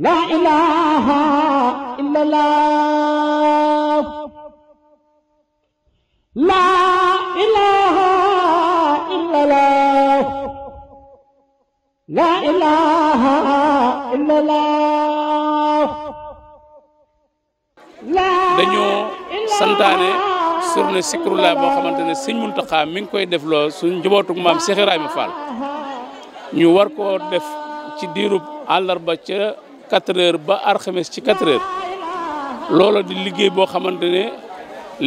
la ilaha illallah la ilaha illallah la ilaha illallah dañoo santaane surne sikrullah boo xamante ne sëñ Muntaxa mi ngi koy def loo suñ njabootug maam Cheikh Ibrahima Fall ñu war koo def ci diirub àllarba ca quatre heures ba arxames ci quatre heures loola di liggéey boo xamante ne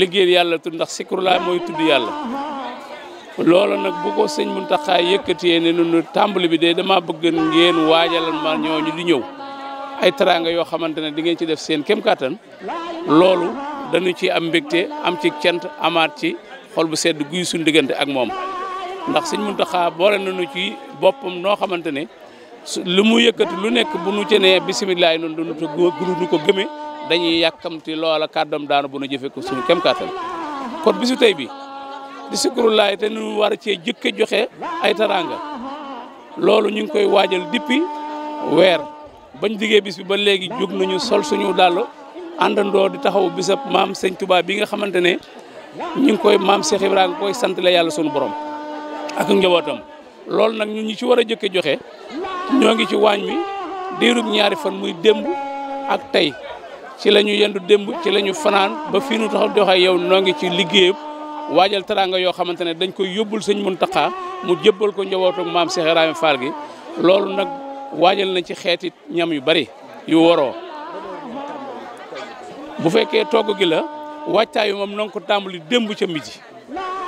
liggéeyal yàlla tudd ndax sikrulaa mooy tudd yàlla loola nag bu ko sëñ Muntaxa yëkkatiyee ne nu tàmbali bi de dama bëgg ngeen waajalal ma ñooñu di ñëw ay teraanga yoo xamante ne di ngeen ci def seen kem kàttan loolu dañu ci am mbégte am ci cant amaat ci xol bu sedd guy suñ diggante ak moom ndax sëñ Muntaxa boole nañu ci boppam noo xamante ne lu mu yëkkati lu nekk bu nu ci nee bisimilah noonu du nu ko gëme dañuy yàkkamti loola kàddam daanu bu nu jëfee ko suñu kem kàttan kon bisu tey bi di sikrullaay te nu war cee jëkke joxe ay taranga loolu ñu ngi koy waajal depuis weer bañ diggee bis ba léegi jóg nañu sol suñu dàll àndandoo di taxaw bisab maam sëñ tubaab bi nga xamante ne ñu ngi koy maam Cheikh Ibrahima koy sant la yàlla suñu borom ak njabootam loolu nag ñun ñi ci war a jëkke joxe ñoo ngi ci waañ wi diirub ñaari fan muy dëmb ak tey ci la ñu dëmb ci lañu fanaan ba fii nu taxaw di wax ak yow noo ngi ci liggéeyam waajal teraanga yoo xamante ne dañ ko yóbbul sëñ Muntaxa mu jëbbal ko njabootu maam Cheikh Ibrahima Fall gi loolu nag waajal nañ ci xeeti ñam yu bari yu waroo bu fekkee togg gi la wàccaayu moom na nga ko tàmbali démb ca midi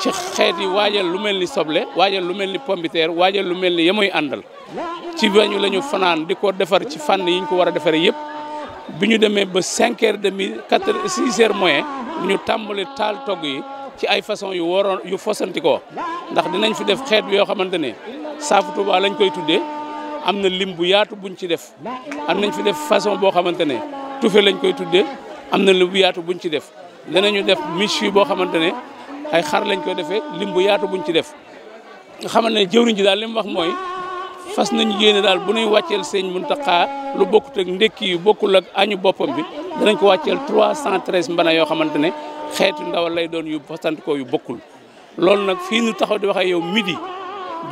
ci xeet yi waajal lu mel ni soble waajal lu mel ni pombiteer waajal lu mel ni yamuy àndal ci bañu lañu fanaan di ko defar ci fànn yi ñu ko war a defaree yëpp bi ñu demee ba cinq heures demi quatre six heures moyen ñu tàmbali taal togg yi ci ay façon yu waroon yu fosanti ko ndax dinañ fi def xeet yoo xamante ne saafu Tuuba lañ koy tuddee am na lim bu yaatu buñ ci def am nañ fi def façon boo xamante ne tufe lañ koy tuddee am na lim bu yaatu buñ ci def boo xamante ne ay xar lañ koy defee lim bu yaatu buñ ci def nga xamal ne jëwriñ ji daal li mu wax mooy fas nañu yéene daal bu ñuy wàcceel sëñ Muntaxa lu bokkut ak ndekki yu bokkul ak añu boppam bi danañ ko wàcceel 313 mbana yoo xamante ne xeetu ndawal lay doon yu sant ko yu bokkul. loolu nag fii nu taxaw di waxee yow midi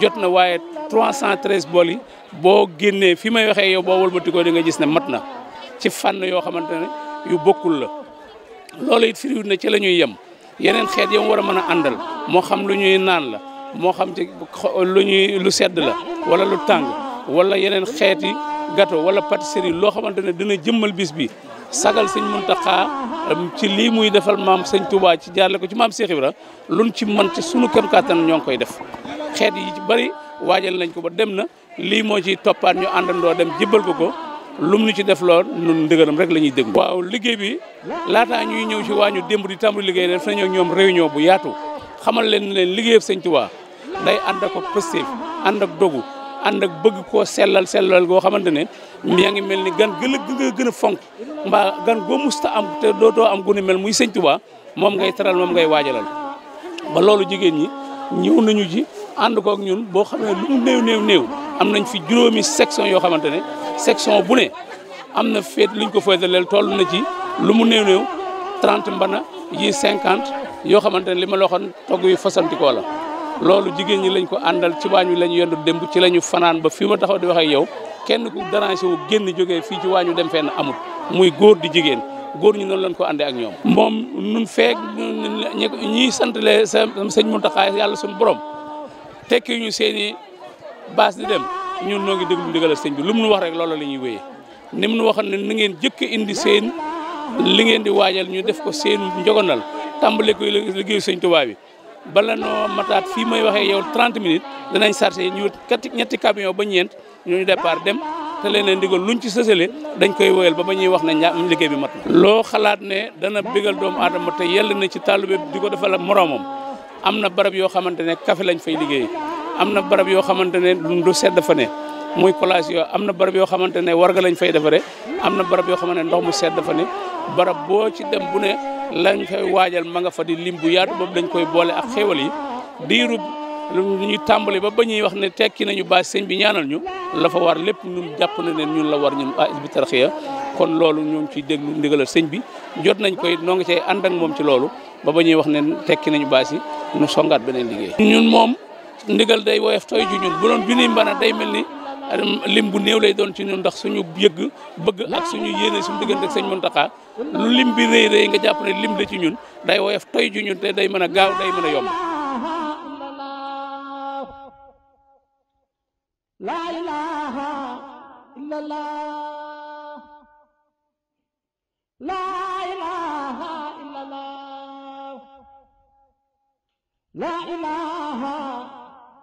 jot na waaye 313 bool yi boo génnee fi may waxee yow boo wëlbati di nga gis ne mat na ci fànn yoo xamante ne yu bokkul la loolu it firiwut na ci la ñuy yem. yeneen xeet yam war a mën a àndal moo xam lu ñuy naan la moo xam ci lu ñuy lu sedd la wala lu tàng wala yeneen xeeti gato wala pâtisserie loo xamante ne dina jëmmal bis bi sagal sëñ taxaa ci lii muy defal maam sëñ Touba ci jaarle ko ci maam Cheikh Ibra luñ ci mën ci sunu kem kàttan ñoo ngi koy def xeet yi ci bari waajal nañ ko ba dem na lii moo ci toppaat ñu àndandoo dem jébbal ko ko lum ñu ci def lool ñun ndëgëram rek la ñuy déglu. waaw liggéey bi laataa ñuy ñëw ci waa ñu démb di tàmbali liggéey def nañu ñoom réunion bu yaatu xamal leen leen liggéeyam Sëñ Tuubaa day ànd ak pëstéef ànd ak dogu ànd ak bëgg koo sellal sellal goo xamante ne yaa ngi mel ni gan gën a gën a fonk mbaa gan goo musta am te dootoo am gu ni muy Sëñ Tuubaa moom ngay teral moom ngay waajalal ba loolu jigéen ñi ñëw nañu ji ànd ko ak ñun boo xam ne néew néew am nañ fi juróomi section yoo xamante ne section bu ne am na féet luñ ko féetaleel tool na ci lu mu néew néew 30 mbana yi 50 yoo xamante ne li ma la waxoon togg yi la. loolu jigéen ñi lañ ko àndal ci waañ wi la ñu yendu démb ci la ñu fanaan ba fii ma taxaw di wax ak yow kenn ku dérangé wu génn jógee fii ci waañu dem fenn amut muy góor di jigéen góor ñu noonu lañ ko àndee ak ñoom. moom nun feek ñi sant leen sëñ Mountakha yàlla suñu borom tekki ñu seeni baas di dem. ñun noo ngi déglu a sëñ bi lu mu nu wax rek loolu la ñuy wéyee ni mu nu waxoon ne na ngeen jëkk indi seen li ngeen di waajal ñu def ko seen njogonal tàmbale ko liggéeyu sëñ Tuubaa bi bala noo mataat fii may waxee yow 30 minutes danañ chargé ñu kat ñetti camion ba ñeent ñu départ dem te leen ndigal luñ ci sësale dañ koy woyal ba ba ñuy wax ne ña liggéey bi mat loo xalaat ne dana bégal doomu aadama te yell na ci tàllu bi di ko defal moroomam am na barab yoo xamante ne café lañ fay liggéey am na barab yoo xamante ne du sedd fa ne muy collage yoo am na barab yoo xamante ne ga lañ fay defaree am na barab yoo xamante ne ndox mu sedd fa ne barab boo ci dem bu ne lañ koy waajal ma nga fa di lim bu yaatu boobu dañ koy boole ak xéewal yi diiru lu ñuy tàmbali ba ba ñuy wax ne tekki nañu ba sëñ bi ñaanal ñu la fa lépp ñun jàpp na ne ñun la war ñun ah bi tarxiya kon loolu ñoo ngi ciy déglu ndigalal sëñ bi jot nañ koy noo ngi cay ànd ak moom ci loolu ba ba ñuy wax ne tekki nañu baas yi ñu songaat beneen liggéey ñun moom ndigal day woyof tooy ju ñun bu doon bi nuy mbana day mel ni lim bu néew lay doon ci ñun ndax suñu yëgg bëgg ak suñu yéene suñu diggante ak sëñ Muntaxa lu lim bi rëy rëy nga jàpp ne lim la ci ñun day woyof tooy ju ñun te day mën a gaaw day mën a yomb